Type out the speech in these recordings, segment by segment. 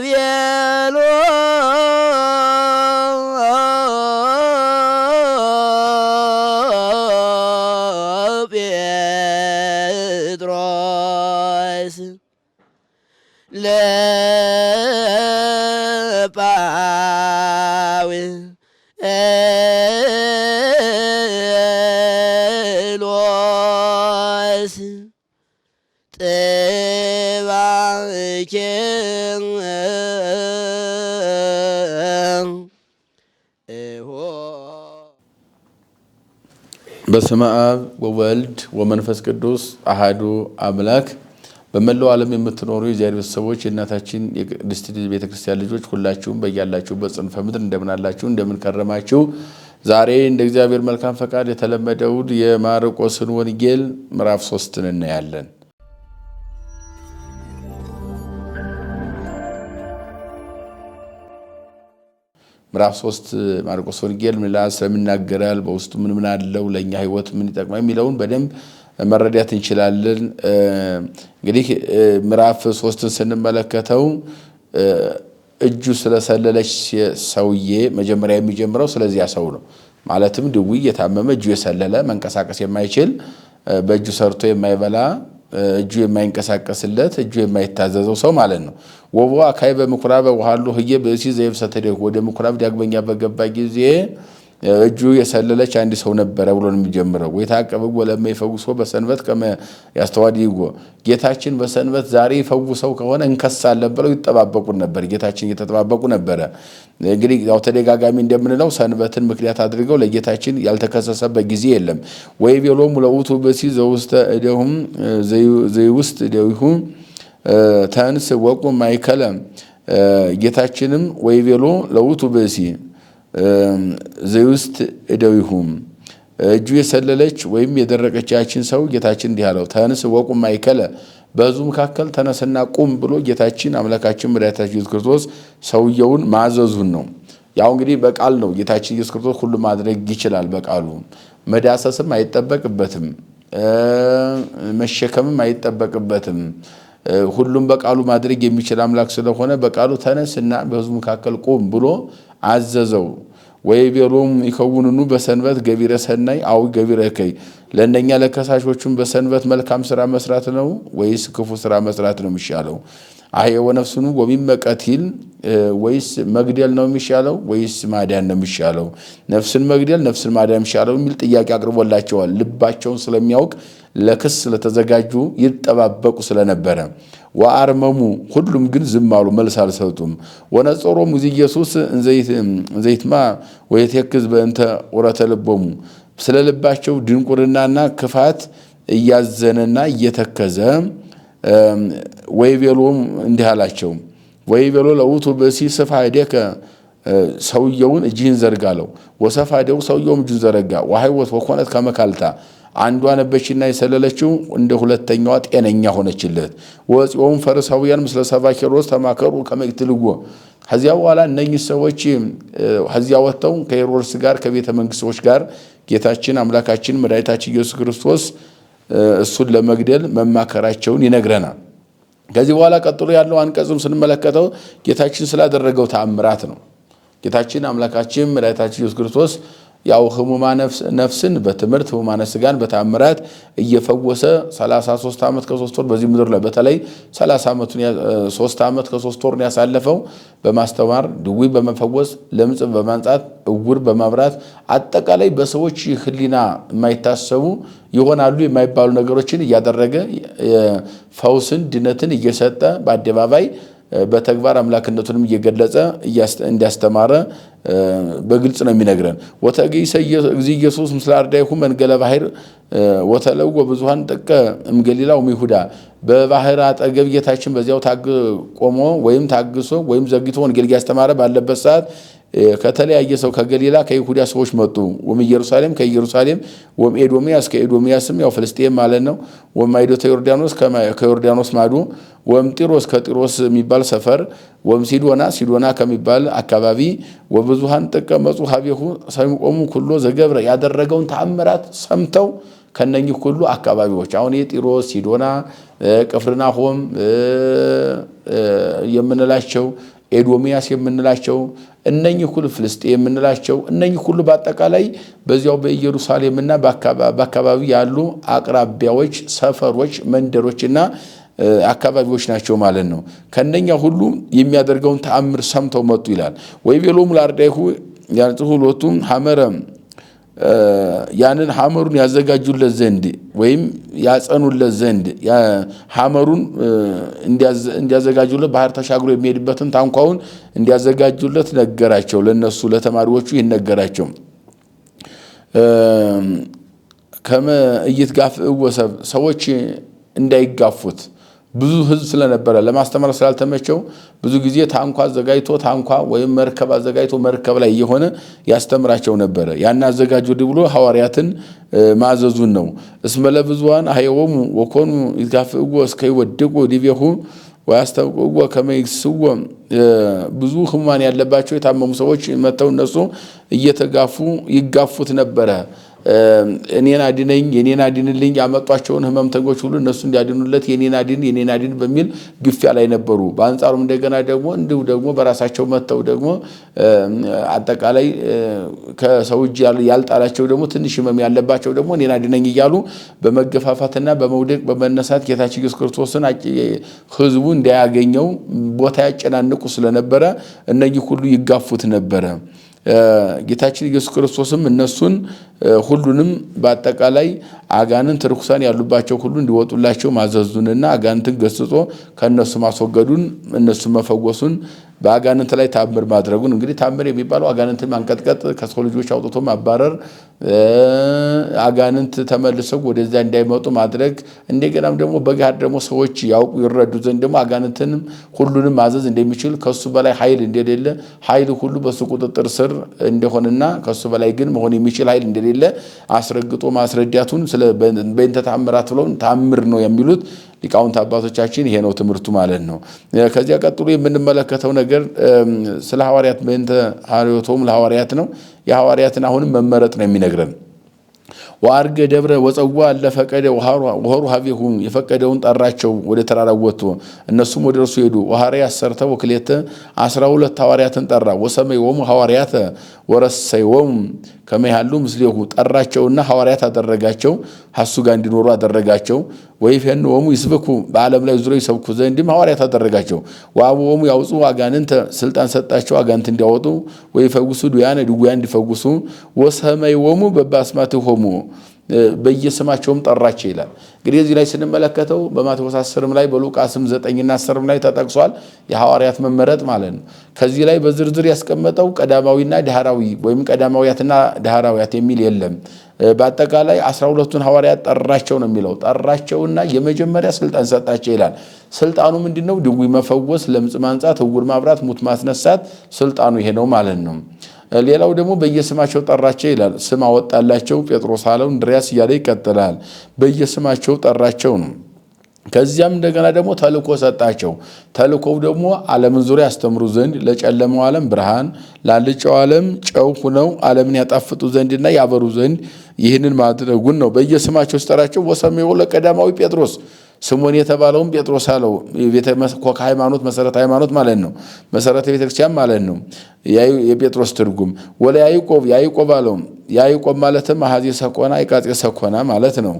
¡Bien! በስመ አብ ወወልድ ወመንፈስ ቅዱስ አሃዱ አምላክ። በመላው ዓለም የምትኖሩ የእግዚአብሔር ቤተሰቦች የእናታችን የቅድስት ቤተክርስቲያን ልጆች ሁላችሁም በያላችሁበት ጽንፈ ምድር እንደምናላችሁ እንደምንከረማችሁ፣ ዛሬ እንደ እግዚአብሔር መልካም ፈቃድ የተለመደውን የማርቆስን ወንጌል ምዕራፍ ሶስትን እናያለን። ምዕራፍ ሶስት ማርቆስ ወንጌል ምን ይላል፣ ስለምናገራል በውስጡ ምን ምን አለው፣ ለእኛ ህይወት ምን ይጠቅማል የሚለውን በደንብ መረዳት እንችላለን። እንግዲህ ምዕራፍ ሶስትን ስንመለከተው እጁ ስለሰለለች ሰውዬ መጀመሪያ የሚጀምረው ስለዚያ ሰው ነው። ማለትም ድውይ፣ የታመመ እጁ የሰለለ መንቀሳቀስ የማይችል በእጁ ሰርቶ የማይበላ እጁ የማይንቀሳቀስለት እጁ የማይታዘዘው ሰው ማለት ነው። ወቦ አካይ በምኩራበ ውሃሉ ህየ ብእሲ ዘየብሰተደ ወደ ምኩራብ ዳግመኛ በገባ ጊዜ እጁ የሰለለች አንድ ሰው ነበረ ብሎ ነው የሚጀምረው። ወይታቀብጎ ለመ ይፈውሶ በሰንበት ከመ ያስተዋድይጎ ጌታችን በሰንበት ዛሬ ይፈውሰው ከሆነ እንከሳለን ብለው ይጠባበቁን ነበር። ጌታችን እየተጠባበቁ ነበረ። እንግዲህ ያው ተደጋጋሚ እንደምንለው ሰንበትን ምክንያት አድርገው ለጌታችን ያልተከሰሰበት ጊዜ የለም። ወይ ቤሎም ለውቱ ብእሲ ዘውስተ እደሁም ዘይውስት እደዊሁ ተንስ ወቁ ማይከለ ጌታችንም ወይ ቤሎ ለውቱ ብእሲ ዘውስት እደዊሁም እጁ የሰለለች ወይም የደረቀች ያችን ሰው ጌታችን እንዲህ አለው፣ ተንስ ወቁም ማይከለ በህዝቡ መካከል ተነስና ቁም ብሎ ጌታችን አምላካችን መድኃኒታችን ኢየሱስ ክርስቶስ ሰውየውን ማዘዙን ነው። ያው እንግዲህ በቃል ነው። ጌታችን ኢየሱስ ክርስቶስ ሁሉ ማድረግ ይችላል። በቃሉ መዳሰስም አይጠበቅበትም፣ መሸከምም አይጠበቅበትም። ሁሉም በቃሉ ማድረግ የሚችል አምላክ ስለሆነ በቃሉ ተነስና በሕዝቡ መካከል ቁም ብሎ አዘዘው። ወይቤሎም ይከውንኑ በሰንበት ገቢረ ሰናይ አዊ ገቢረ እከይ ለእነኛ ለከሳሾቹም በሰንበት መልካም ስራ መስራት ነው ወይስ ክፉ ስራ መስራት ነው የሚሻለው? አህየ ወነፍሱኑ ወሚመቀቲል ወይስ መግደል ነው የሚሻለው ወይስ ማዳን ነው የሚሻለው? ነፍስን መግደል ነፍስን ማዳን የሚሻለው የሚል ጥያቄ አቅርቦላቸዋል። ልባቸውን ስለሚያውቅ ለክስ ስለተዘጋጁ ይጠባበቁ ስለነበረ ወአርመሙ ሁሉም ግን ዝም አሉ፣ መልስ አልሰጡም። ወነጾሮሙ ኢየሱስ እንዘይትማ ወየትክዝ በእንተ ዑረተ ልቦሙ ስለ ልባቸው ድንቁርናና ክፋት እያዘነና እየተከዘ ወይቤሎም እንዲህ አላቸው። ወይቤሎ ለውቱ ብእሲ ስፋዴከ ሰውየውን እጅህን ዘርጋ አለው። ወሰፋዴው ሰውየውም እጁን ዘረጋ። ወሐይወት ወኮነት ከመካልታ አንዷ ነበችና የሰለለችው እንደ ሁለተኛዋ ጤነኛ ሆነችለት። ወፂኦም ፈሪሳውያን ምስለ ሰባ ተማከሩ ከመ ይትልዎ ከዚያ በኋላ እነኚህ ሰዎች ከዚያ ወጥተው ከሄሮድስ ጋር ከቤተ መንግስት ሰዎች ጋር ጌታችን አምላካችን መድኃኒታችን ኢየሱስ ክርስቶስ እሱን ለመግደል መማከራቸውን ይነግረናል። ከዚህ በኋላ ቀጥሎ ያለው አንቀጽም ስንመለከተው ጌታችን ስላደረገው ተአምራት ነው። ጌታችን አምላካችን መድኃኒታችን ኢየሱስ ክርስቶስ ያው ህሙማ ነፍስን በትምህርት ህሙማነ ስጋን በታምራት እየፈወሰ 33 ዓመት ከሶስት ወር በዚህ ምድር ላይ በተለይ 3 ዓመት ከሶስት ወር ያሳለፈው በማስተማር ድዊ በመፈወስ ለምጽ በማንጻት እውር በማብራት አጠቃላይ በሰዎች ህሊና የማይታሰቡ ይሆናሉ የማይባሉ ነገሮችን እያደረገ ፈውስን ድነትን እየሰጠ በአደባባይ በተግባር አምላክነቱንም እየገለጸ እንዲያስተማረ በግልጽ ነው የሚነግረን ወተጊ እግዚ ኢየሱስ ምስለ አርዳይሁ መንገለ ባሕር ወተለወ ብዙኃን ጥቀ እምገሊላ ወሚሁዳ በባህር አጠገብ ጌታችን በዚያው ታግ ቆሞ ወይም ታግሶ ወይም ዘግቶ ወንጌል እያስተማረ ባለበት ሰዓት ከተለያየ ሰው ከገሊላ ከይሁዳ ሰዎች መጡ። ወም ኢየሩሳሌም ከኢየሩሳሌም ወም ኤዶምያስ ከኤዶምያስም ያው ፍልስጤም ማለት ነው። ወም ማይዶተ ዮርዳኖስ ከዮርዳኖስ ማዶ ወም ጢሮስ ከጢሮስ የሚባል ሰፈር ወም ሲዶና ሲዶና ከሚባል አካባቢ ወብዙሃን ጠቀመጹ ሀቤሁ ሰሚቆሙ ኩሎ ዘገብረ ያደረገውን ተአምራት ሰምተው ከነኚህ ሁሉ አካባቢዎች አሁን የጢሮስ ሲዶና ቅፍርናሆም የምንላቸው ኤዶሚያስ የምንላቸው እነኚህ ሁሉ ፍልስጤ የምንላቸው እነኚህ ሁሉ በአጠቃላይ በዚያው በኢየሩሳሌምና በአካባቢ ያሉ አቅራቢያዎች፣ ሰፈሮች፣ መንደሮችና አካባቢዎች ናቸው ማለት ነው። ከነኛ ሁሉ የሚያደርገውን ተአምር ሰምተው መጡ ይላል። ወይቤሎሙ ለአርዳይሁ ያንጽሑ ሎቱ ያንን ሐመሩን ያዘጋጁለት ዘንድ ወይም ያጸኑለት ዘንድ ሐመሩን እንዲያዘጋጁለት ባህር ተሻግሮ የሚሄድበትን ታንኳውን እንዲያዘጋጁለት ነገራቸው። ለነሱ ለተማሪዎቹ ይህን ነገራቸው። ከመ ጋፍ እወሰብ ሰዎች እንዳይጋፉት ብዙ ህዝብ ስለነበረ ለማስተማር ስላልተመቸው ብዙ ጊዜ ታንኳ አዘጋጅቶ ታንኳ ወይም መርከብ አዘጋጅቶ መርከብ ላይ እየሆነ ያስተምራቸው ነበረ። ያን አዘጋጅ ወዲህ ብሎ ሐዋርያትን ማዘዙን ነው። እስመለ ብዙኃን አህየዎሙ ወኮኑ ይትካፍእዎ እስከ ይወድቁ ዲቤሁ ወያስታውቅዎ ከመ ይክስዎ። ብዙ ህሙማን ያለባቸው የታመሙ ሰዎች መጥተው እነሱ እየተጋፉ ይጋፉት ነበረ። እኔን አድነኝ፣ የኔን አድንልኝ፣ ያመጧቸውን ህመምተኞች ሁሉ እነሱ እንዲያድኑለት የኔን አድን፣ የኔን አድን በሚል ግፊያ ላይ ነበሩ። በአንጻሩም እንደገና ደግሞ እንዲሁ ደግሞ በራሳቸው መጥተው ደግሞ አጠቃላይ ከሰው እጅ ያልጣላቸው ደግሞ ትንሽ ህመም ያለባቸው ደግሞ እኔን አድነኝ እያሉ በመገፋፋትና በመውደቅ በመነሳት ጌታችን ኢየሱስ ክርስቶስን ህዝቡ እንዳያገኘው ቦታ ያጨናንቁ ስለነበረ እነኚህ ሁሉ ይጋፉት ነበረ። ጌታችን ኢየሱስ ክርስቶስም እነሱን ሁሉንም በአጠቃላይ አጋንንት ርኩሳን ያሉባቸው ሁሉ እንዲወጡላቸው ማዘዙንና አጋንንትን ገስጾ ከእነሱ ማስወገዱን እነሱን መፈወሱን በአጋንንት ላይ ታምር ማድረጉን እንግዲህ ታምር የሚባለው አጋንንትን ማንቀጥቀጥ ከሰው ልጆች አውጥቶ ማባረር አጋንንት ተመልሰው ወደዚያ እንዳይመጡ ማድረግ እንደገናም ደግሞ በጋር ደግሞ ሰዎች ያውቁ ይረዱ ዘንድ ደግሞ አጋንንትንም ሁሉንም ማዘዝ እንደሚችል ከሱ በላይ ኃይል እንደሌለ ኃይል ሁሉ በሱ ቁጥጥር ስር እንደሆነና ከሱ በላይ ግን መሆን የሚችል ኃይል እንደሌለ አስረግጦ ማስረዳቱን ስለ በእንተ ተአምራት ብለውን ተአምር ነው የሚሉት ሊቃውንት አባቶቻችን ይሄ ነው ትምህርቱ ማለት ነው። ከዚያ ቀጥሎ የምንመለከተው ነገር ስለ ሐዋርያት በእንተ ሐርዮቶሙ ለሐዋርያት ነው። የሐዋርያትን አሁንም መመረጥ ነው የሚነግረን። ወአርገ ደብረ ወፀዋ ለፈቀደ ወሖሩ ሀቤሁ የፈቀደውን ጠራቸው ወደ ተራራ ወጥቶ እነሱም ወደ እርሱ ሄዱ። ውሃሪ አሰርተ ወክሌተ አስራ ሁለት ሐዋርያትን ጠራ። ወሰመይዎሙ ሐዋርያተ ወረሰይዎሙ ከመ ያህሉ ምስሌሁ ጠራቸውና ሐዋርያት አደረጋቸው፣ ሀሱ ጋር እንዲኖሩ አደረጋቸው። ወሙ ይስብኩ በዓለም ላይ ዙሮ ይሰብኩ ዘንድም ሐዋርያት አደረጋቸው። ወሙ ያውፁ አጋንንተ ስልጣን ሰጣቸው አጋንንት እንዲያወጡ፣ ወይፈውሱ ድውያነ ድውያን እንዲፈውሱ፣ ወሰመይዎሙ ሆሙ በየስማቸውም ጠራቸው ይላል። እንግዲህ እዚህ ላይ ስንመለከተው በማቴዎስ አስርም ላይ በሉቃስም ዘጠኝና አስርም ላይ ተጠቅሷል የሐዋርያት መመረጥ ማለት ነው። ከዚህ ላይ በዝርዝር ያስቀመጠው ቀዳማዊና ዳህራዊ ወይም ቀዳማዊያትና ዳህራዊያት የሚል የለም። በአጠቃላይ አስራ ሁለቱን ሐዋርያት ጠራቸው ነው የሚለው። ጠራቸውና የመጀመሪያ ስልጣን ሰጣቸው ይላል። ስልጣኑ ምንድን ነው? ድዊ መፈወስ፣ ለምጽ ማንጻት፣ እውር ማብራት፣ ሙት ማስነሳት፣ ስልጣኑ ይሄ ነው ማለት ነው። ሌላው ደግሞ በየስማቸው ጠራቸው ይላል። ስም አወጣላቸው ጴጥሮስ አለው፣ እንድሪያስ እያለ ይቀጥላል። በየስማቸው ጠራቸው ነው። ከዚያም እንደገና ደግሞ ተልኮ ሰጣቸው። ተልኮው ደግሞ ዓለምን ዙሪያ ያስተምሩ ዘንድ ለጨለመው ዓለም ብርሃን፣ ላልጨው ዓለም ጨው ሁነው ዓለምን ያጣፍጡ ዘንድና ያበሩ ዘንድ ይህንን ማድረጉን ነው። በየስማቸው ሲጠራቸው ወሰሜ ለቀዳማዊ ጴጥሮስ ስሙን የተባለውም ጴጥሮስ አለው። ኮከ ሃይማኖት መሰረተ ሃይማኖት ማለት ነው፣ መሰረተ ቤተክርስቲያን ማለት ነው። የጴጥሮስ ትርጉም ወለ ያይቆብ ያይቆብ አለው። ያይቆብ ማለትም አሐዜ ሰኮና ይቃጼ ሰኮና ማለት ነው።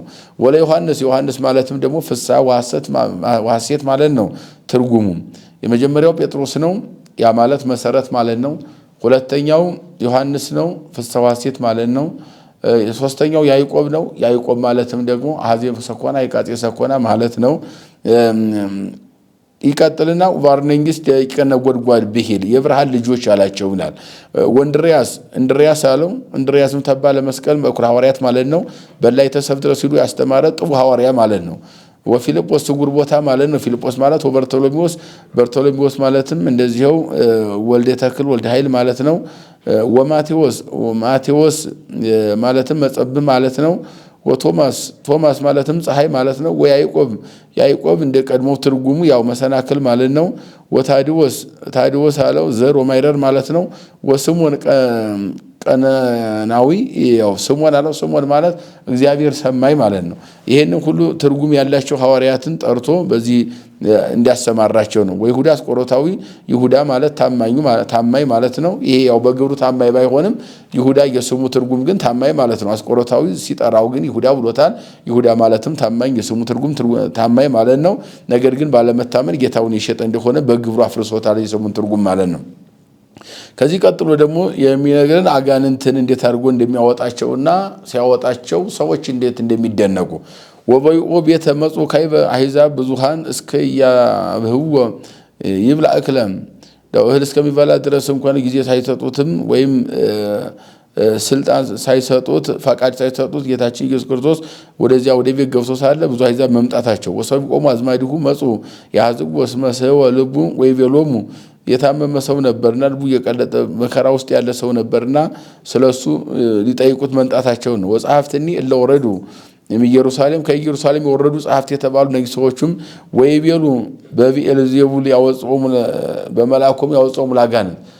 ወለ ዮሐንስ ዮሐንስ ማለትም ደግሞ ፍሳ ዋሴት ማለት ነው። ትርጉሙ የመጀመሪያው ጴጥሮስ ነው፣ ያ ማለት መሰረት ማለት ነው። ሁለተኛው ዮሐንስ ነው፣ ፍሳ ዋሴት ማለት ነው። ሶስተኛው ያዕቆብ ነው። ያዕቆብ ማለትም ደግሞ አዜብ ሰኮና ይቃጼ ሰኮና ማለት ነው። ይቀጥልና ቫርነንጊስ ደቂቀነ ጎድጓድ ብሂል የብርሃን ልጆች አላቸው ይላል። ወንድሪያስ እንድሪያስ አለው። እንድሪያስም ተባለ መስቀል መኩር ሐዋርያት ማለት ነው። በላይ ተሰብትረ ሲሉ ያስተማረ ጥቡ ሐዋርያ ማለት ነው። ወፊልጶስ ስጉር ቦታ ማለት ነው። ፊልጶስ ማለት ወበርቶሎሚዎስ በርቶሎሚዎስ ማለትም እንደዚኸው ወልደ ተክል ወልደ ኃይል ማለት ነው። ወማቴዎስ ማቴዎስ ማለትም መጸብ ማለት ነው። ወቶማስ ቶማስ ማለትም ፀሐይ ማለት ነው። ወያይቆብ ያይቆብ እንደ ቀድሞ ትርጉሙ ያው መሰናክል ማለት ነው። ወታዲዎስ ታዲዎስ አለው ዘር ወማይረር ማለት ነው። ወስሙን ቀነናዊ ያው ስሞን አለው። ስሞን ማለት እግዚአብሔር ሰማይ ማለት ነው። ይሄንን ሁሉ ትርጉም ያላቸው ሐዋርያትን ጠርቶ በዚህ እንዲያሰማራቸው ነው። ወይሁዳ አስቆሮታዊ ይሁዳ ማለት ታማኝ ማለት ነው። ይሄ ያው በግብሩ ታማኝ ባይሆንም ይሁዳ የስሙ ትርጉም ግን ታማኝ ማለት ነው። አስቆሮታዊ ሲጠራው ግን ይሁዳ ብሎታል። ይሁዳ ማለትም ታማኝ የስሙ ትርጉም ታማኝ ማለት ነው። ነገር ግን ባለመታመን ጌታውን የሸጠ እንደሆነ በግብሩ አፍርሶታል የስሙን ትርጉም ማለት ነው። ከዚህ ቀጥሎ ደግሞ የሚነግረን አጋንንትን እንዴት አድርጎ እንደሚያወጣቸውና ሲያወጣቸው ሰዎች እንዴት እንደሚደነቁ ወበይኦ ቤተ መጹ ካይበ አሕዛብ ብዙሃን እስከ ያብህዎ ይብላ እክለም እህል እስከሚበላ ድረስ እንኳን ጊዜ ሳይሰጡትም ወይም ስልጣን ሳይሰጡት ፈቃድ ሳይሰጡት ጌታችን ኢየሱስ ክርስቶስ ወደዚያ ወደ ቤት ገብቶ ሳለ ብዙ አሕዛብ መምጣታቸው ወሰብ ቆሙ አዝማዲሁ መጹ ያዝጉ ወስመሰወ ልቡ ወይቤሎሙ የታመመ ሰው ነበርና ልቡ እየቀለጠ መከራ ውስጥ ያለ ሰው ነበርና ስለ እሱ ሊጠይቁት መምጣታቸው ነው። ወጸሐፍትኒ እለ ወረዱ ኢየሩሳሌም ከኢየሩሳሌም የወረዱ ጸሐፍት የተባሉ ነጊ ሰዎችም ወይቤሉ በብዔልዜቡል ያወጽኦሙ በመልአኮሙ ያወጽኦሙ ለአጋንንት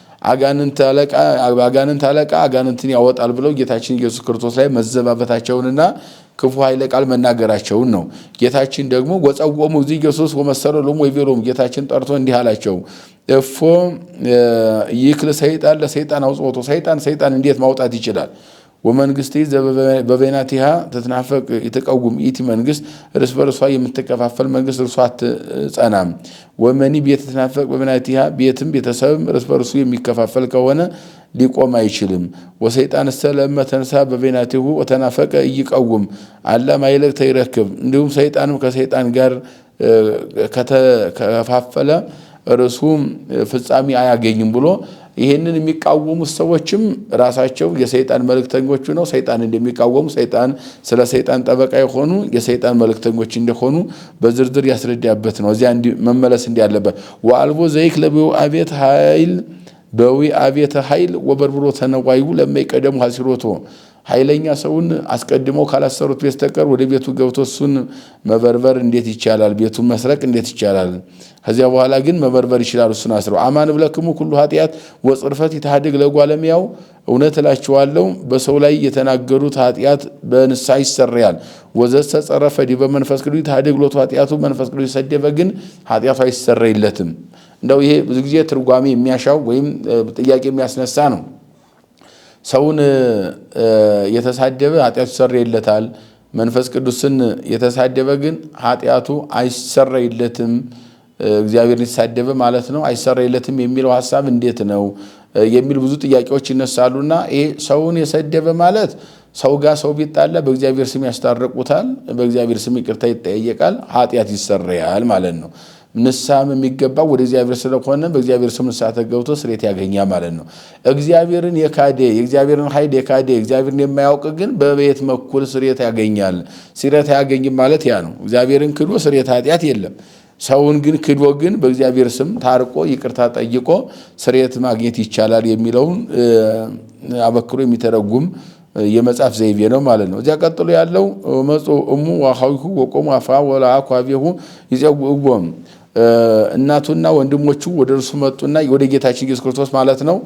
አጋንንት አለቃ አጋንንትን ያወጣል ብለው ጌታችን ኢየሱስ ክርስቶስ ላይ መዘባበታቸውንና ክፉ ኃይለ ቃል መናገራቸውን ነው። ጌታችን ደግሞ ወጸወሙ እዚህ ኢየሱስ ወመሰረሎም ወይቤሎም ጌታችን ጠርቶ እንዲህ አላቸው እፎ ይክል ሰይጣን ለሰይጣን አውጽወቶ ሰይጣን ሰይጣን እንዴት ማውጣት ይችላል? ወመንግስት በበይናቲሃ ተትናፈቅ የተቃውም ኢቲ መንግስት እርስ በርሷ የምትከፋፈል መንግስት እርሷ አትጸናም። ወመኒ ቤት ተትናፈቅ በበይናቲሃ ቤትም ቤተሰብም እርስ በርሱ የሚከፋፈል ከሆነ ሊቆም አይችልም። ወሰይጣን ሰለመ ተንሳ በበይናቲሁ ወተናፈቀ እይቀውም አላ ማይለቅ ተይረክብ እንዲሁም ሰይጣንም ከሰይጣን ጋር ከተከፋፈለ እርሱም ፍጻሜ አያገኝም ብሎ ይህንን የሚቃወሙት ሰዎችም ራሳቸው የሰይጣን መልእክተኞቹ ነው። ሰይጣን እንደሚቃወሙ ሰይጣን ስለ ሰይጣን ጠበቃ የሆኑ የሰይጣን መልእክተኞች እንደሆኑ በዝርዝር ያስረዳበት ነው። እዚያ መመለስ እንዲያለበት ወአልቦ ዘይክ ለቢው አቤት ኃይል በዊ አቤተ ኃይል ወበርብሮ ተነዋዩ ለመይቀደሙ ሀሲሮቶ ኃይለኛ ሰውን አስቀድሞ ካላሰሩት በስተቀር ወደ ቤቱ ገብቶ እሱን መበርበር እንዴት ይቻላል? ቤቱን መስረቅ እንዴት ይቻላል? ከዚያ በኋላ ግን መበርበር ይችላል። እሱን አስረው አማን ብለክሙ ሁሉ ኃጢአት ወጽርፈት ይታደግ ለጓለሚያው እውነት እላችኋለሁ በሰው ላይ የተናገሩት ኃጢአት በንሳ ይሰረያል። ወዘሰ ጸረፈ ዲበ በመንፈስ ቅዱስ ይታደግ ሎቱ ኃጢአቱ መንፈስ ቅዱስ የሰደበ ግን ኃጢአቱ አይሰረይለትም። እንደው ይሄ ብዙ ጊዜ ትርጓሜ የሚያሻው ወይም ጥያቄ የሚያስነሳ ነው። ሰውን የተሳደበ ኃጢአቱ ይሰረይለታል። መንፈስ ቅዱስን የተሳደበ ግን ኃጢአቱ አይሰረይለትም። እግዚአብሔርን የተሳደበ ማለት ነው አይሰረይለትም የሚለው ሀሳብ እንዴት ነው የሚል ብዙ ጥያቄዎች ይነሳሉና ይሄ ሰውን የሰደበ ማለት ሰው ጋር ሰው ቢጣላ በእግዚአብሔር ስም ያስታርቁታል፣ በእግዚአብሔር ስም ይቅርታ ይጠየቃል፣ ኃጢአት ይሰረያል ማለት ነው። ንስሐም የሚገባው ወደ እግዚአብሔር ስለሆነ በእግዚአብሔር ስም ንስሐ ተገብቶ ስሬት ያገኛል ማለት ነው። እግዚአብሔርን የካዴ የእግዚአብሔርን ኃይል የካዴ እግዚአብሔርን የማያውቅ ግን በቤት መኩል ስሬት ያገኛል። ስሬት አያገኝም ማለት ያ ነው። እግዚአብሔርን ክዶ ስሬት ኃጢአት የለም። ሰውን ግን ክዶ ግን በእግዚአብሔር ስም ታርቆ ይቅርታ ጠይቆ ስሬት ማግኘት ይቻላል የሚለውን አበክሮ የሚተረጉም የመጽሐፍ ዘይቤ ነው ማለት ነው። እዚያ ቀጥሎ ያለው መጽኡ እሙ ዋሃዊሁ ወቆሙ አፍአ ወለአኩ አቤሁ ይጼውዕዎሙ እናቱና ወንድሞቹ ወደ እርሱ መጡና ወደ ጌታችን ኢየሱስ ክርስቶስ ማለት ነው።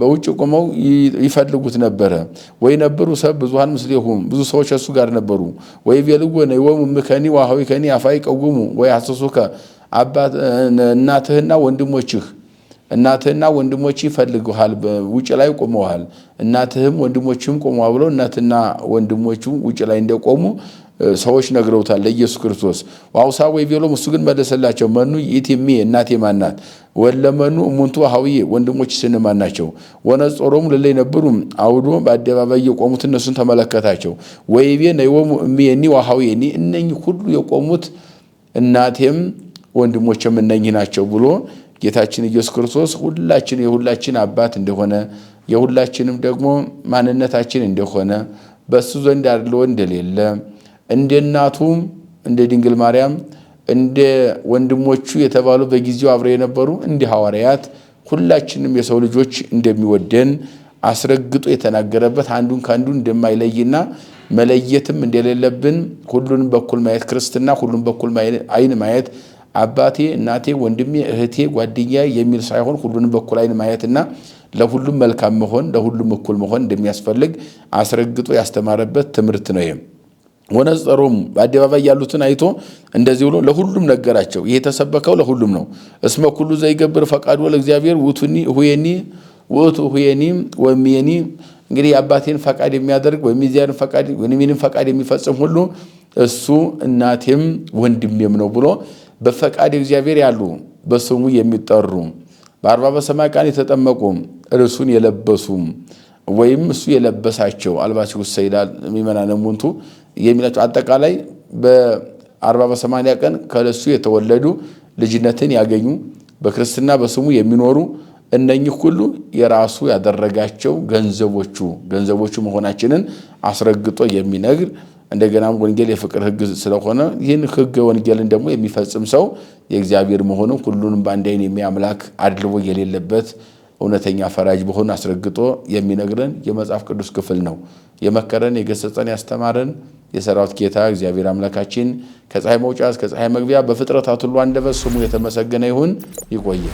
በውጭ ቆመው ይፈልጉት ነበረ። ወይ ነበሩ ሰብ ብዙሃን ምስሌሁም ብዙ ሰዎች እሱ ጋር ነበሩ። ወይ ቤልዎ ምከኒ ዋሃዊ ከኒ አፋይ ቀውሙ ወይ አሰሱከ እናትህና ወንድሞችህ እናትህና ወንድሞች ይፈልጉሃል። ውጭ ላይ ቆመዋል። እናትህም ወንድሞችህም ቆመዋል ብለው እናትና ወንድሞቹ ውጭ ላይ እንደቆሙ ሰዎች ነግረውታል ለኢየሱስ ክርስቶስ ዋውሳዌ ቤሎም እሱ ግን መለሰላቸው መኑ ይእቲ እሜ እናቴ ማናት ወለመኑ እሙንቱ ሀውዬ ወንድሞች ስንማ ናቸው ወነጾሮሙ ልዕለ ነብሩ አውዶ በአደባባይ የቆሙት እነሱን ተመለከታቸው ወይቤ ነይዎሙ እሜኒ ወሀውዬኒ እነኚህ ሁሉ የቆሙት እናቴም ወንድሞችም እነኚህ ናቸው ብሎ ጌታችን ኢየሱስ ክርስቶስ ሁላችን የሁላችን አባት እንደሆነ የሁላችንም ደግሞ ማንነታችን እንደሆነ በእሱ ዘንድ አድልዎ እንደሌለ እንደ እናቱም እንደ ድንግል ማርያም እንደ ወንድሞቹ የተባሉ በጊዜው አብረው የነበሩ እንደ ሐዋርያት ሁላችንም የሰው ልጆች እንደሚወደን አስረግጦ የተናገረበት አንዱን ከአንዱ እንደማይለይና መለየትም እንደሌለብን ሁሉንም በኩል ማየት ክርስትና ሁሉንም በኩል አይን ማየት አባቴ፣ እናቴ፣ ወንድሜ፣ እህቴ፣ ጓደኛ የሚል ሳይሆን ሁሉንም በኩል አይን ማየትና ለሁሉም መልካም መሆን ለሁሉም እኩል መሆን እንደሚያስፈልግ አስረግጦ ያስተማረበት ትምህርት ነው ይም ወነጸሮም በአደባባይ ያሉትን አይቶ እንደዚህ ብሎ ለሁሉም ነገራቸው። ይሄ የተሰበከው ለሁሉም ነው። እስመ ኩሉ ዘይገብር ፈቃድ ለእግዚአብሔር ውቱኒ ሁየኒ ውእቱ ሁየኒ ወሚየኒ እንግዲህ የአባቴን ፈቃድ የሚያደርግ ወይም የዚያን ፈቃድ ወይም ፈቃድ የሚፈጽም ሁሉ እሱ እናቴም ወንድሜም ነው ብሎ በፈቃድ እግዚአብሔር ያሉ በስሙ የሚጠሩ በአርባ በሰማይ ቃል የተጠመቁ እርሱን የለበሱ ወይም እሱ የለበሳቸው አልባሲ ውሰይዳል የሚመናነሙንቱ የሚላቸው አጠቃላይ በአርባ በሰማንያ ቀን ከለሱ የተወለዱ ልጅነትን ያገኙ በክርስትና በስሙ የሚኖሩ እነኚህ ሁሉ የራሱ ያደረጋቸው ገንዘቦቹ ገንዘቦቹ መሆናችንን አስረግጦ የሚነግር እንደገናም ወንጌል የፍቅር ሕግ ስለሆነ ይህን ሕገ ወንጌልን ደግሞ የሚፈጽም ሰው የእግዚአብሔር መሆኑ ሁሉንም በአንድ ዓይን የሚያምላክ አድልቦ የሌለበት እውነተኛ ፈራጅ በሆኑ አስረግጦ የሚነግረን የመጽሐፍ ቅዱስ ክፍል ነው። የመከረን የገሰጸን ያስተማረን የሰራዊት ጌታ እግዚአብሔር አምላካችን ከፀሐይ መውጫ እስከ ፀሐይ መግቢያ በፍጥረታት ሁሉ አንደበት ስሙ የተመሰገነ ይሁን። ይቆየ